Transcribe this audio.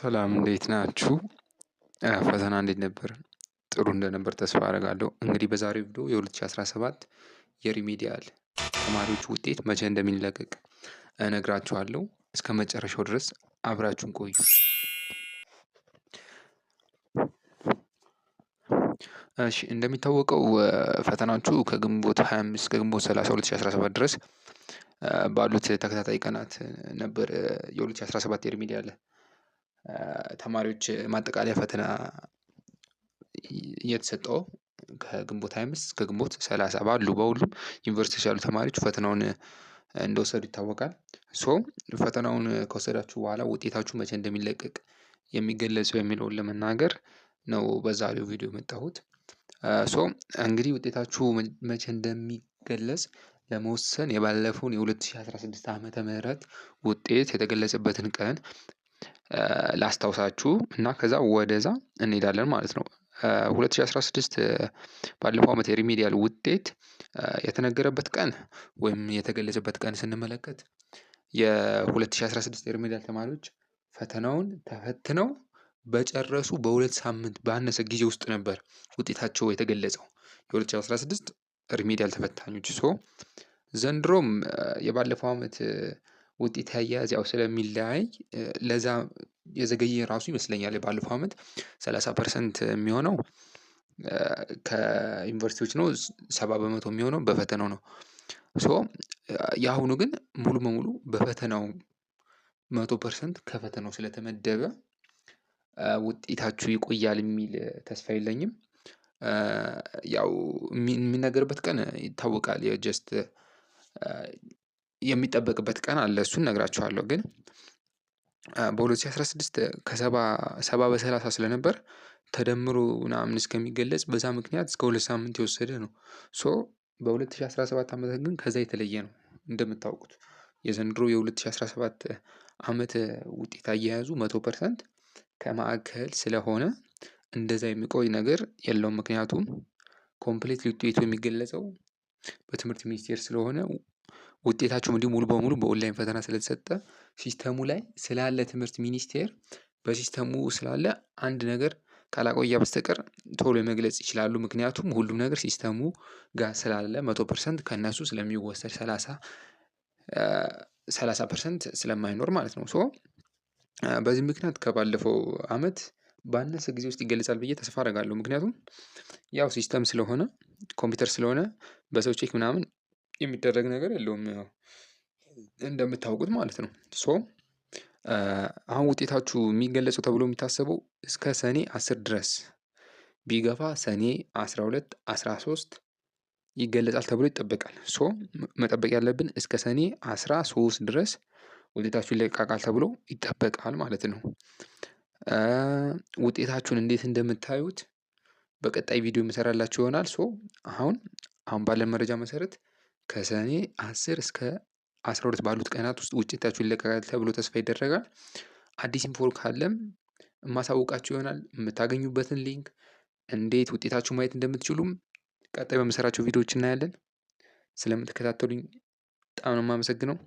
ሰላም እንዴት ናችሁ? ፈተና እንዴት ነበር? ጥሩ እንደነበር ተስፋ አደርጋለሁ። እንግዲህ በዛሬው ቪዲዮ የ2017 የሪሚዲያል ተማሪዎች ውጤት መቼ እንደሚለቀቅ እነግራችኋለሁ። እስከ መጨረሻው ድረስ አብራችሁን ቆዩ። እሺ እንደሚታወቀው ፈተናዎቹ ከግንቦት 25 ከግንቦት 30 2017 ድረስ ባሉት ተከታታይ ቀናት ነበር የ2017 የሪሚዲያል ተማሪዎች ማጠቃለያ ፈተና እየተሰጠው ከግንቦት ሃያ አምስት እስከ ግንቦት ሰላሳ ባሉ በሁሉም ዩኒቨርሲቲዎች ያሉ ተማሪዎች ፈተናውን እንደወሰዱ ይታወቃል። ሶ ፈተናውን ከወሰዳችሁ በኋላ ውጤታችሁ መቼ እንደሚለቀቅ የሚገለጸው የሚለውን ለመናገር ነው በዛሬው ቪዲዮ የመጣሁት። ሶ እንግዲህ ውጤታችሁ መቼ እንደሚገለጽ ለመወሰን የባለፈውን የ2016 ዓመተ ምህረት ውጤት የተገለጸበትን ቀን ላስታውሳችሁ እና ከዛ ወደዛ እንሄዳለን ማለት ነው። 2016 ባለፈው ዓመት የሪሜዲያል ውጤት የተነገረበት ቀን ወይም የተገለጸበት ቀን ስንመለከት የ2016 የሪሜዲያል ተማሪዎች ፈተናውን ተፈትነው በጨረሱ በሁለት ሳምንት ባነሰ ጊዜ ውስጥ ነበር ውጤታቸው የተገለጸው የ2016 ሪሜዲያል ተፈታኞች። ሶ ዘንድሮም የባለፈው ዓመት ውጤት ያያዝ ስለሚለያይ ለዛ የዘገየ ራሱ ይመስለኛል። ባለፈው ዓመት 30 ፐርሰንት የሚሆነው ከዩኒቨርሲቲዎች ነው፣ ሰባ በመቶ የሚሆነው በፈተናው ነው። ሶ የአሁኑ ግን ሙሉ በሙሉ በፈተናው መቶ ፐርሰንት ከፈተናው ስለተመደበ ውጤታችሁ ይቆያል የሚል ተስፋ የለኝም። ያው የሚነገርበት ቀን ይታወቃል። የጀስት የሚጠበቅበት ቀን አለ። እሱን እነግራችኋለሁ። ግን በ2016 ከሰባ በሰላሳ ስለነበር ተደምሮ ምናምን እስከሚገለጽ በዛ ምክንያት እስከ ሁለት ሳምንት የወሰደ ነው። ሶ በ2017 ዓመት ግን ከዛ የተለየ ነው። እንደምታውቁት የዘንድሮ የ2017 ዓመት ውጤት አያያዙ መቶ ፐርሰንት ከማዕከል ስለሆነ እንደዛ የሚቆይ ነገር የለውም። ምክንያቱም ኮምፕሌት ውጤቱ የሚገለጸው በትምህርት ሚኒስቴር ስለሆነ ውጤታቸውም እንዲሁ ሙሉ በሙሉ በኦንላይን ፈተና ስለተሰጠ ሲስተሙ ላይ ስላለ ትምህርት ሚኒስቴር በሲስተሙ ስላለ አንድ ነገር ካላቆያ በስተቀር ቶሎ መግለጽ ይችላሉ። ምክንያቱም ሁሉም ነገር ሲስተሙ ጋር ስላለ መቶ ፐርሰንት ከእነሱ ስለሚወሰድ ሰላሳ ሰላሳ ፐርሰንት ስለማይኖር ማለት ነው። ሶ በዚህ ምክንያት ከባለፈው አመት ባነሰ ጊዜ ውስጥ ይገለጻል ብዬ ተስፋ አደርጋለሁ። ምክንያቱም ያው ሲስተም ስለሆነ ኮምፒውተር ስለሆነ በሰው ቼክ ምናምን የሚደረግ ነገር የለውም እንደምታውቁት ማለት ነው። ሶ አሁን ውጤታችሁ የሚገለጸው ተብሎ የሚታሰበው እስከ ሰኔ አስር ድረስ ቢገፋ ሰኔ 12 13 ይገለጻል ተብሎ ይጠበቃል። ሶ መጠበቅ ያለብን እስከ ሰኔ ሶስት ድረስ ውጤታችሁ ይለቀቃል ተብሎ ይጠበቃል ማለት ነው። ውጤታችሁን እንዴት እንደምታዩት በቀጣይ ቪዲዮ የምሰራላችሁ ይሆናል። ሶ አሁን አሁን ባለን መረጃ መሰረት ከሰኔ 10 እስከ 12 ባሉት ቀናት ውስጥ ውጤታችሁ ይለቀቃል ተብሎ ተስፋ ይደረጋል። አዲስ ኢንፎ ካለም የማሳውቃችሁ ይሆናል። የምታገኙበትን ሊንክ፣ እንዴት ውጤታችሁ ማየት እንደምትችሉም ቀጣይ በምሰራቸው ቪዲዮዎች እናያለን። ስለምትከታተሉኝ በጣም ነው የማመሰግነው።